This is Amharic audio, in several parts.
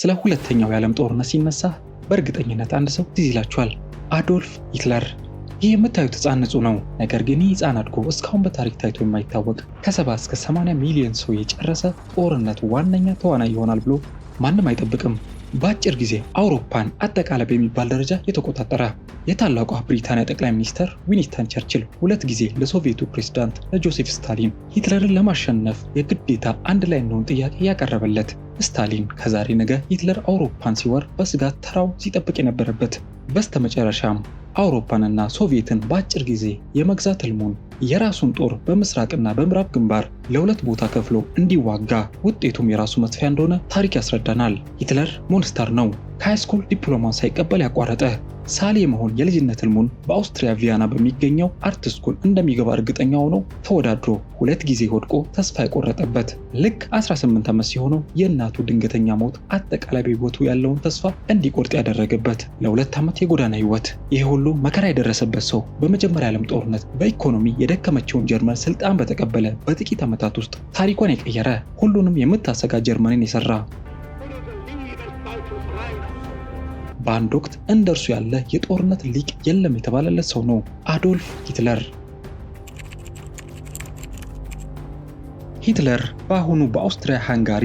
ስለ ሁለተኛው የዓለም ጦርነት ሲነሳ በእርግጠኝነት አንድ ሰው ትዝ ይላችኋል፣ አዶልፍ ሂትለር። ይህ የምታዩት ህፃን ንጹህ ነው። ነገር ግን ይህ ህፃን አድጎ እስካሁን በታሪክ ታይቶ የማይታወቅ ከ70 እስከ 80 ሚሊዮን ሰው የጨረሰ ጦርነት ዋነኛ ተዋናይ ይሆናል ብሎ ማንም አይጠብቅም። በአጭር ጊዜ አውሮፓን አጠቃላይ በሚባል ደረጃ የተቆጣጠረ የታላቋ ብሪታንያ ጠቅላይ ሚኒስተር ዊኒስተን ቸርችል ሁለት ጊዜ ለሶቪየቱ ፕሬዝዳንት ለጆሴፍ ስታሊን ሂትለርን ለማሸነፍ የግዴታ አንድ ላይ እንደሆን ጥያቄ ያቀረበለት ስታሊን ከዛሬ ነገ ሂትለር አውሮፓን ሲወር በስጋት ተራው ሲጠብቅ የነበረበት በስተመጨረሻም አውሮፓንና ሶቪየትን በአጭር ጊዜ የመግዛት ህልሙን የራሱን ጦር በምስራቅና በምዕራብ ግንባር ለሁለት ቦታ ከፍሎ እንዲዋጋ ውጤቱም የራሱ መጥፊያ እንደሆነ ታሪክ ያስረዳናል። ሂትለር ሞንስተር ነው። ከሃይስኩል ዲፕሎማን ሳይቀበል ያቋረጠ ሳሌ መሆን የልጅነት ህልሙን በአውስትሪያ ቪያና በሚገኘው አርት ስኩል እንደሚገባ እርግጠኛ ሆኖ ተወዳድሮ ሁለት ጊዜ ወድቆ ተስፋ የቆረጠበት ልክ 18 ዓመት ሲሆነው የእናቱ ድንገተኛ ሞት አጠቃላይ በህይወቱ ያለውን ተስፋ እንዲቆርጥ ያደረገበት ለሁለት ዓመት የጎዳና ህይወት። ይህ ሁሉ መከራ የደረሰበት ሰው በመጀመሪያ ዓለም ጦርነት በኢኮኖሚ የደከመችውን ጀርመን ስልጣን በተቀበለ በጥቂት ዓመት ዓመታት ውስጥ ታሪኳን የቀየረ ሁሉንም የምታሰጋ ጀርመንን የሰራ በአንድ ወቅት እንደ እርሱ ያለ የጦርነት ሊቅ የለም የተባለለት ሰው ነው አዶልፍ ሂትለር። ሂትለር በአሁኑ በአውስትሪያ ሃንጋሪ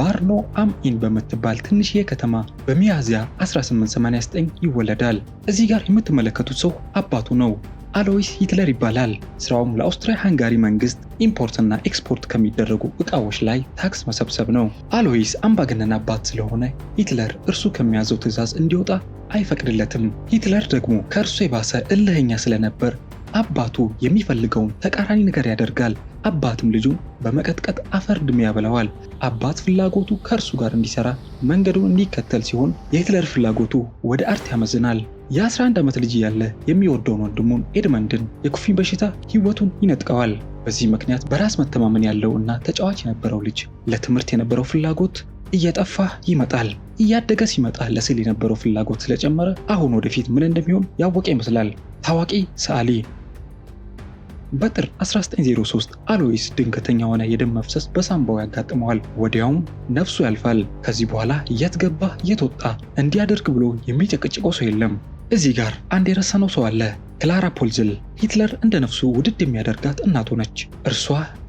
ባርኖ አምኢን በምትባል ትንሽዬ ከተማ በሚያዝያ 1889 ይወለዳል። እዚህ ጋር የምትመለከቱት ሰው አባቱ ነው። አሎይስ ሂትለር ይባላል። ስራውም ለአውስትሪያ ሃንጋሪ መንግስት ኢምፖርትና ኤክስፖርት ከሚደረጉ እቃዎች ላይ ታክስ መሰብሰብ ነው። አሎይስ አምባገነን አባት ስለሆነ ሂትለር እርሱ ከሚያዘው ትዕዛዝ እንዲወጣ አይፈቅድለትም። ሂትለር ደግሞ ከእርሱ የባሰ እልህኛ ስለነበር አባቱ የሚፈልገውን ተቃራኒ ነገር ያደርጋል። አባትም ልጁን በመቀጥቀጥ አፈር ድሜ ያበላዋል። አባት ፍላጎቱ ከእርሱ ጋር እንዲሰራ መንገዱን እንዲከተል ሲሆን፣ የሂትለር ፍላጎቱ ወደ አርት ያመዝናል። የ11 ዓመት ልጅ ያለ የሚወደውን ወንድሙን ኤድመንድን የኩፍኝ በሽታ ህይወቱን ይነጥቀዋል። በዚህ ምክንያት በራስ መተማመን ያለው እና ተጫዋች የነበረው ልጅ ለትምህርት የነበረው ፍላጎት እየጠፋ ይመጣል። እያደገ ሲመጣ ለስዕል የነበረው ፍላጎት ስለጨመረ አሁን ወደፊት ምን እንደሚሆን ያወቀ ይመስላል። ታዋቂ ሰዓሊ በጥር 1903 አሎይስ ድንገተኛ የሆነ የደም መፍሰስ በሳምባው ያጋጥመዋል። ወዲያውም ነፍሱ ያልፋል። ከዚህ በኋላ የት ገባ የት ወጣ እንዲያደርግ ብሎ የሚጨቀጭቀው ሰው የለም። እዚህ ጋር አንድ የረሳነው ሰው አለ። ክላራ ፖልዝል ሂትለር እንደ ነፍሱ ውድድ የሚያደርጋት እናቱ ነች። እርሷ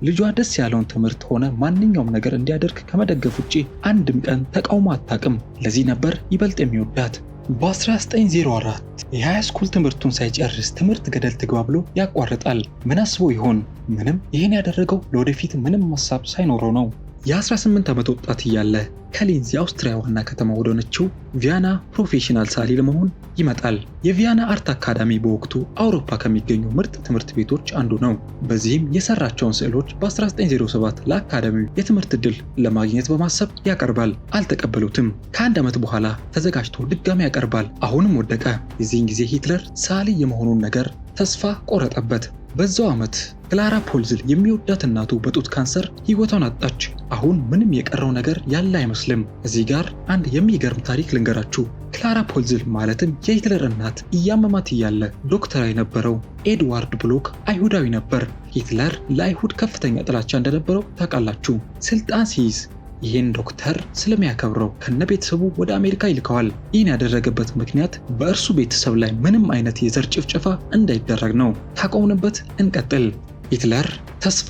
ልጇ ደስ ያለውን ትምህርት ሆነ ማንኛውም ነገር እንዲያደርግ ከመደገፍ ውጪ አንድም ቀን ተቃውሞ አታውቅም። ለዚህ ነበር ይበልጥ የሚወዳት። በ1904 የሃይስኩል ትምህርቱን ሳይጨርስ ትምህርት ገደል ትግባ ብሎ ያቋርጣል። ምን አስቦ ይሆን? ምንም። ይህን ያደረገው ለወደፊት ምንም ሀሳብ ሳይኖረው ነው። የ18 ዓመት ወጣት እያለ ከሊንዝ የአውስትሪያ ዋና ከተማ ወደሆነችው ቪያና ፕሮፌሽናል ሳሊ ለመሆን ይመጣል። የቪያና አርት አካዳሚ በወቅቱ አውሮፓ ከሚገኙ ምርጥ ትምህርት ቤቶች አንዱ ነው። በዚህም የሰራቸውን ስዕሎች በ1907 ለአካዳሚው የትምህርት ዕድል ለማግኘት በማሰብ ያቀርባል። አልተቀበሉትም። ከአንድ ዓመት በኋላ ተዘጋጅቶ ድጋሚ ያቀርባል። አሁንም ወደቀ። የዚህን ጊዜ ሂትለር ሳሊ የመሆኑን ነገር ተስፋ ቆረጠበት። በዛው ዓመት ክላራ ፖልዝል የሚወዳት እናቱ በጡት ካንሰር ህይወቷን አጣች። አሁን ምንም የቀረው ነገር ያለ አይመስልም። እዚህ ጋር አንድ የሚገርም ታሪክ ልንገራችሁ። ክላራ ፖልዝል ማለትም የሂትለር እናት እያመማት እያለ ዶክተር የነበረው ኤድዋርድ ብሎክ አይሁዳዊ ነበር። ሂትለር ለአይሁድ ከፍተኛ ጥላቻ እንደነበረው ታውቃላችሁ። ስልጣን ሲይዝ ይህን ዶክተር ስለሚያከብረው ከነ ቤተሰቡ ወደ አሜሪካ ይልከዋል። ይህን ያደረገበት ምክንያት በእርሱ ቤተሰብ ላይ ምንም አይነት የዘር ጭፍጨፋ እንዳይደረግ ነው። ታቆምንበት እንቀጥል። ሂትለር ተስፋ፣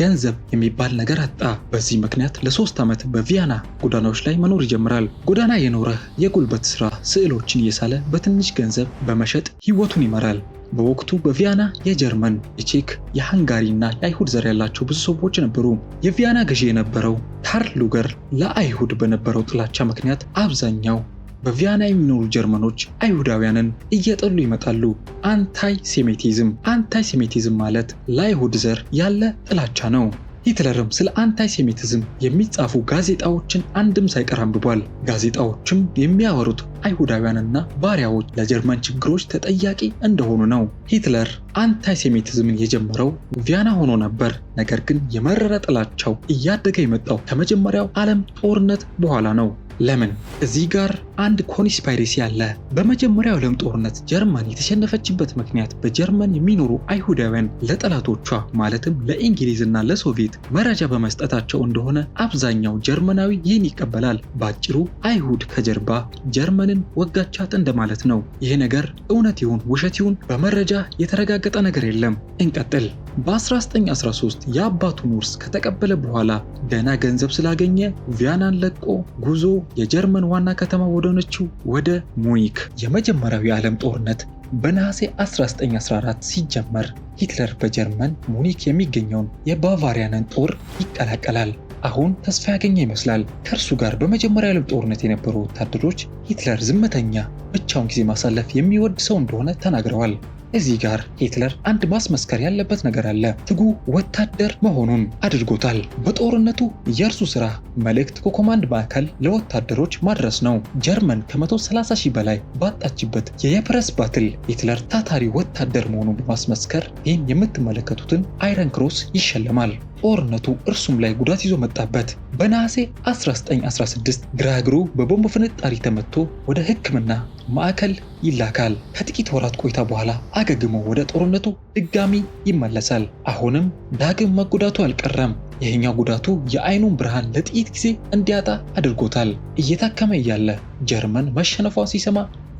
ገንዘብ የሚባል ነገር አጣ። በዚህ ምክንያት ለሶስት ዓመት በቪያና ጎዳናዎች ላይ መኖር ይጀምራል። ጎዳና የኖረ የጉልበት ሥራ ስዕሎችን እየሳለ በትንሽ ገንዘብ በመሸጥ ሕይወቱን ይመራል። በወቅቱ በቪያና የጀርመን፣ የቼክ፣ የሃንጋሪ እና የአይሁድ ዘር ያላቸው ብዙ ሰዎች ነበሩ። የቪያና ገዢ የነበረው ካርል ሉገር ለአይሁድ በነበረው ጥላቻ ምክንያት አብዛኛው በቪያና የሚኖሩ ጀርመኖች አይሁዳውያንን እየጠሉ ይመጣሉ። አንታይ ሴሜቲዝም አንታይ ሴሜቲዝም ማለት ለአይሁድ ዘር ያለ ጥላቻ ነው። ሂትለርም ስለ አንታይ ሴሜቲዝም የሚጻፉ ጋዜጣዎችን አንድም ሳይቀር አንብቧል። ጋዜጣዎችም የሚያወሩት አይሁዳውያንና ባሪያዎች ለጀርመን ችግሮች ተጠያቂ እንደሆኑ ነው። ሂትለር አንታይ ሴሜቲዝምን የጀመረው ቪያና ሆኖ ነበር። ነገር ግን የመረረ ጥላቻው እያደገ የመጣው ከመጀመሪያው ዓለም ጦርነት በኋላ ነው። ለምን? እዚህ ጋር አንድ ኮንስፓይሪሲ አለ። በመጀመሪያው ዓለም ጦርነት ጀርመን የተሸነፈችበት ምክንያት በጀርመን የሚኖሩ አይሁዳውያን ለጠላቶቿ ማለትም ለእንግሊዝና ለሶቪየት መረጃ በመስጠታቸው እንደሆነ አብዛኛው ጀርመናዊ ይህን ይቀበላል። በአጭሩ አይሁድ ከጀርባ ጀርመንን ወጋቻት እንደማለት ነው። ይህ ነገር እውነት ይሁን ውሸት ይሁን በመረጃ የተረጋገጠ ነገር የለም። እንቀጥል። በ1913 የአባቱን ውርስ ከተቀበለ በኋላ ገና ገንዘብ ስላገኘ ቪያናን ለቆ ጉዞ የጀርመን ዋና ከተማ ወደሆነችው ወደ ሙኒክ። የመጀመሪያው የዓለም ጦርነት በነሐሴ 1914 ሲጀመር ሂትለር በጀርመን ሙኒክ የሚገኘውን የባቫሪያንን ጦር ይቀላቀላል። አሁን ተስፋ ያገኘ ይመስላል። ከእርሱ ጋር በመጀመሪያ ዓለም ጦርነት የነበሩ ወታደሮች ሂትለር ዝምተኛ፣ ብቻውን ጊዜ ማሳለፍ የሚወድ ሰው እንደሆነ ተናግረዋል። እዚህ ጋር ሂትለር አንድ ማስመስከር ያለበት ነገር አለ። ትጉ ወታደር መሆኑን አድርጎታል። በጦርነቱ የእርሱ ስራ መልእክት ከኮማንድ ማዕከል ለወታደሮች ማድረስ ነው። ጀርመን ከ130 ሺህ በላይ ባጣችበት የየፕረስ ባትል ሂትለር ታታሪ ወታደር መሆኑን በማስመስከር ይህን የምትመለከቱትን አይረን ክሮስ ይሸለማል። ጦርነቱ እርሱም ላይ ጉዳት ይዞ መጣበት። በነሐሴ 1916 ግራ እግሩ በቦምብ ፍንጣሪ ተመትቶ ወደ ሕክምና ማዕከል ይላካል። ከጥቂት ወራት ቆይታ በኋላ አገግሞ ወደ ጦርነቱ ድጋሚ ይመለሳል። አሁንም ዳግም መጎዳቱ አልቀረም። ይህኛው ጉዳቱ የአይኑን ብርሃን ለጥቂት ጊዜ እንዲያጣ አድርጎታል። እየታከመ እያለ ጀርመን መሸነፏን ሲሰማ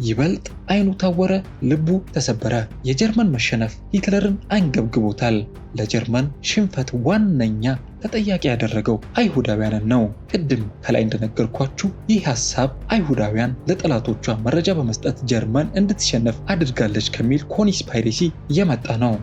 ይበልጥ አይኑ ታወረ፣ ልቡ ተሰበረ። የጀርመን መሸነፍ ሂትለርን አንገብግቦታል። ለጀርመን ሽንፈት ዋነኛ ተጠያቂ ያደረገው አይሁዳውያንን ነው። ቅድም ከላይ እንደነገርኳችሁ ይህ ሀሳብ አይሁዳውያን ለጠላቶቿ መረጃ በመስጠት ጀርመን እንድትሸነፍ አድርጋለች ከሚል ኮኒስፓይሬሲ የመጣ ነው።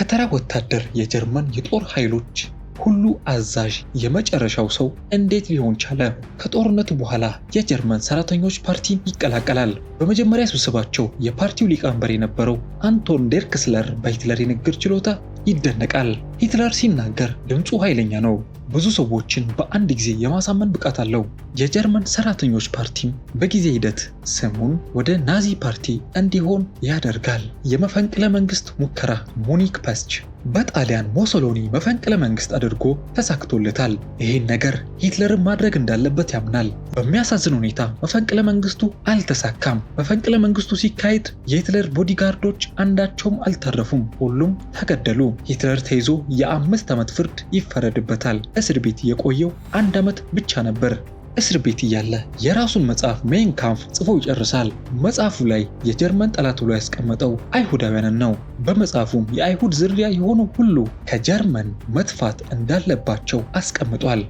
ከተራ ወታደር የጀርመን የጦር ኃይሎች ሁሉ አዛዥ የመጨረሻው ሰው እንዴት ሊሆን ቻለ? ከጦርነቱ በኋላ የጀርመን ሰራተኞች ፓርቲን ይቀላቀላል። በመጀመሪያ ስብሰባቸው የፓርቲው ሊቀመንበር የነበረው አንቶን ዴርክስለር በሂትለር የንግግር ችሎታ ይደነቃል። ሂትለር ሲናገር ድምፁ ኃይለኛ ነው፣ ብዙ ሰዎችን በአንድ ጊዜ የማሳመን ብቃት አለው። የጀርመን ሰራተኞች ፓርቲም በጊዜ ሂደት ስሙን ወደ ናዚ ፓርቲ እንዲሆን ያደርጋል። የመፈንቅለ መንግስት ሙከራ ሙኒክ ፐስች በጣሊያን ሞሶሎኒ መፈንቅለ መንግስት አድርጎ ተሳክቶለታል። ይህን ነገር ሂትለርን ማድረግ እንዳለበት ያምናል። በሚያሳዝን ሁኔታ መፈንቅለ መንግስቱ አልተሳካም። መፈንቅለ መንግስቱ ሲካሄድ የሂትለር ቦዲጋርዶች አንዳቸውም አልተረፉም፣ ሁሉም ተገደሉ። ሂትለር ተይዞ የአምስት ዓመት ፍርድ ይፈረድበታል። እስር ቤት የቆየው አንድ ዓመት ብቻ ነበር። እስር ቤት እያለ የራሱን መጽሐፍ ሜን ካምፍ ጽፎ ይጨርሳል። መጽሐፉ ላይ የጀርመን ጠላት ብሎ ያስቀመጠው አይሁዳውያንን ነው። በመጽሐፉም የአይሁድ ዝርያ የሆኑ ሁሉ ከጀርመን መጥፋት እንዳለባቸው አስቀምጧል።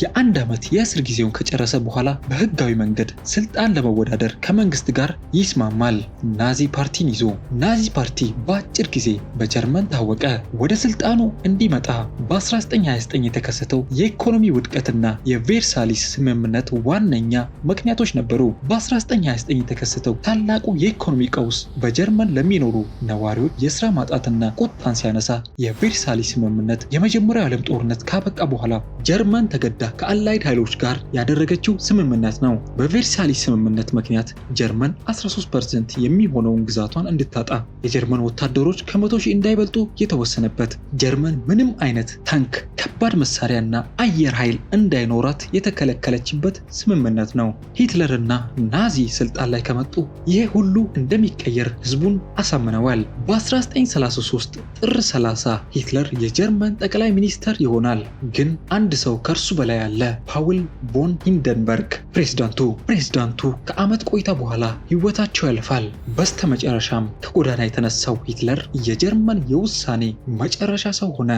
የአንድ ዓመት የእስር ጊዜውን ከጨረሰ በኋላ በህጋዊ መንገድ ስልጣን ለመወዳደር ከመንግስት ጋር ይስማማል። ናዚ ፓርቲን ይዞ ናዚ ፓርቲ በአጭር ጊዜ በጀርመን ታወቀ። ወደ ስልጣኑ እንዲመጣ በ1929 የተከሰተው የኢኮኖሚ ውድቀትና የቬርሳሊስ ስምምነት ዋነኛ ምክንያቶች ነበሩ። በ1929 የተከሰተው ታላቁ የኢኮኖሚ ቀውስ በጀርመን ለሚኖሩ ነዋሪዎች የስራ ማጣትና ቁጣን ሲያነሳ የቬርሳሊስ ስምምነት የመጀመሪያው ዓለም ጦርነት ካበቃ በኋላ ጀርመን ተገደ ተዋግዳ ከአላይድ ኃይሎች ጋር ያደረገችው ስምምነት ነው። በቬርሳይለስ ስምምነት ምክንያት ጀርመን 13% የሚሆነውን ግዛቷን እንድታጣ የጀርመን ወታደሮች ከመቶ ሺህ እንዳይበልጡ የተወሰነበት ጀርመን ምንም አይነት ታንክ፣ ከባድ መሳሪያና አየር ኃይል እንዳይኖራት የተከለከለችበት ስምምነት ነው። ሂትለርና ናዚ ስልጣን ላይ ከመጡ ይሄ ሁሉ እንደሚቀየር ህዝቡን አሳምነዋል። በ1933 ጥር 30 ሂትለር የጀርመን ጠቅላይ ሚኒስተር ይሆናል። ግን አንድ ሰው ከእርሱ በላይ ላይ ያለ ፓውል ቮን ሂንደንበርግ ፕሬዝዳንቱ ፕሬዝዳንቱ ከዓመት ቆይታ በኋላ ህይወታቸው ያልፋል። በስተመጨረሻም ከጎዳና የተነሳው ሂትለር የጀርመን የውሳኔ መጨረሻ ሰው ሆነ።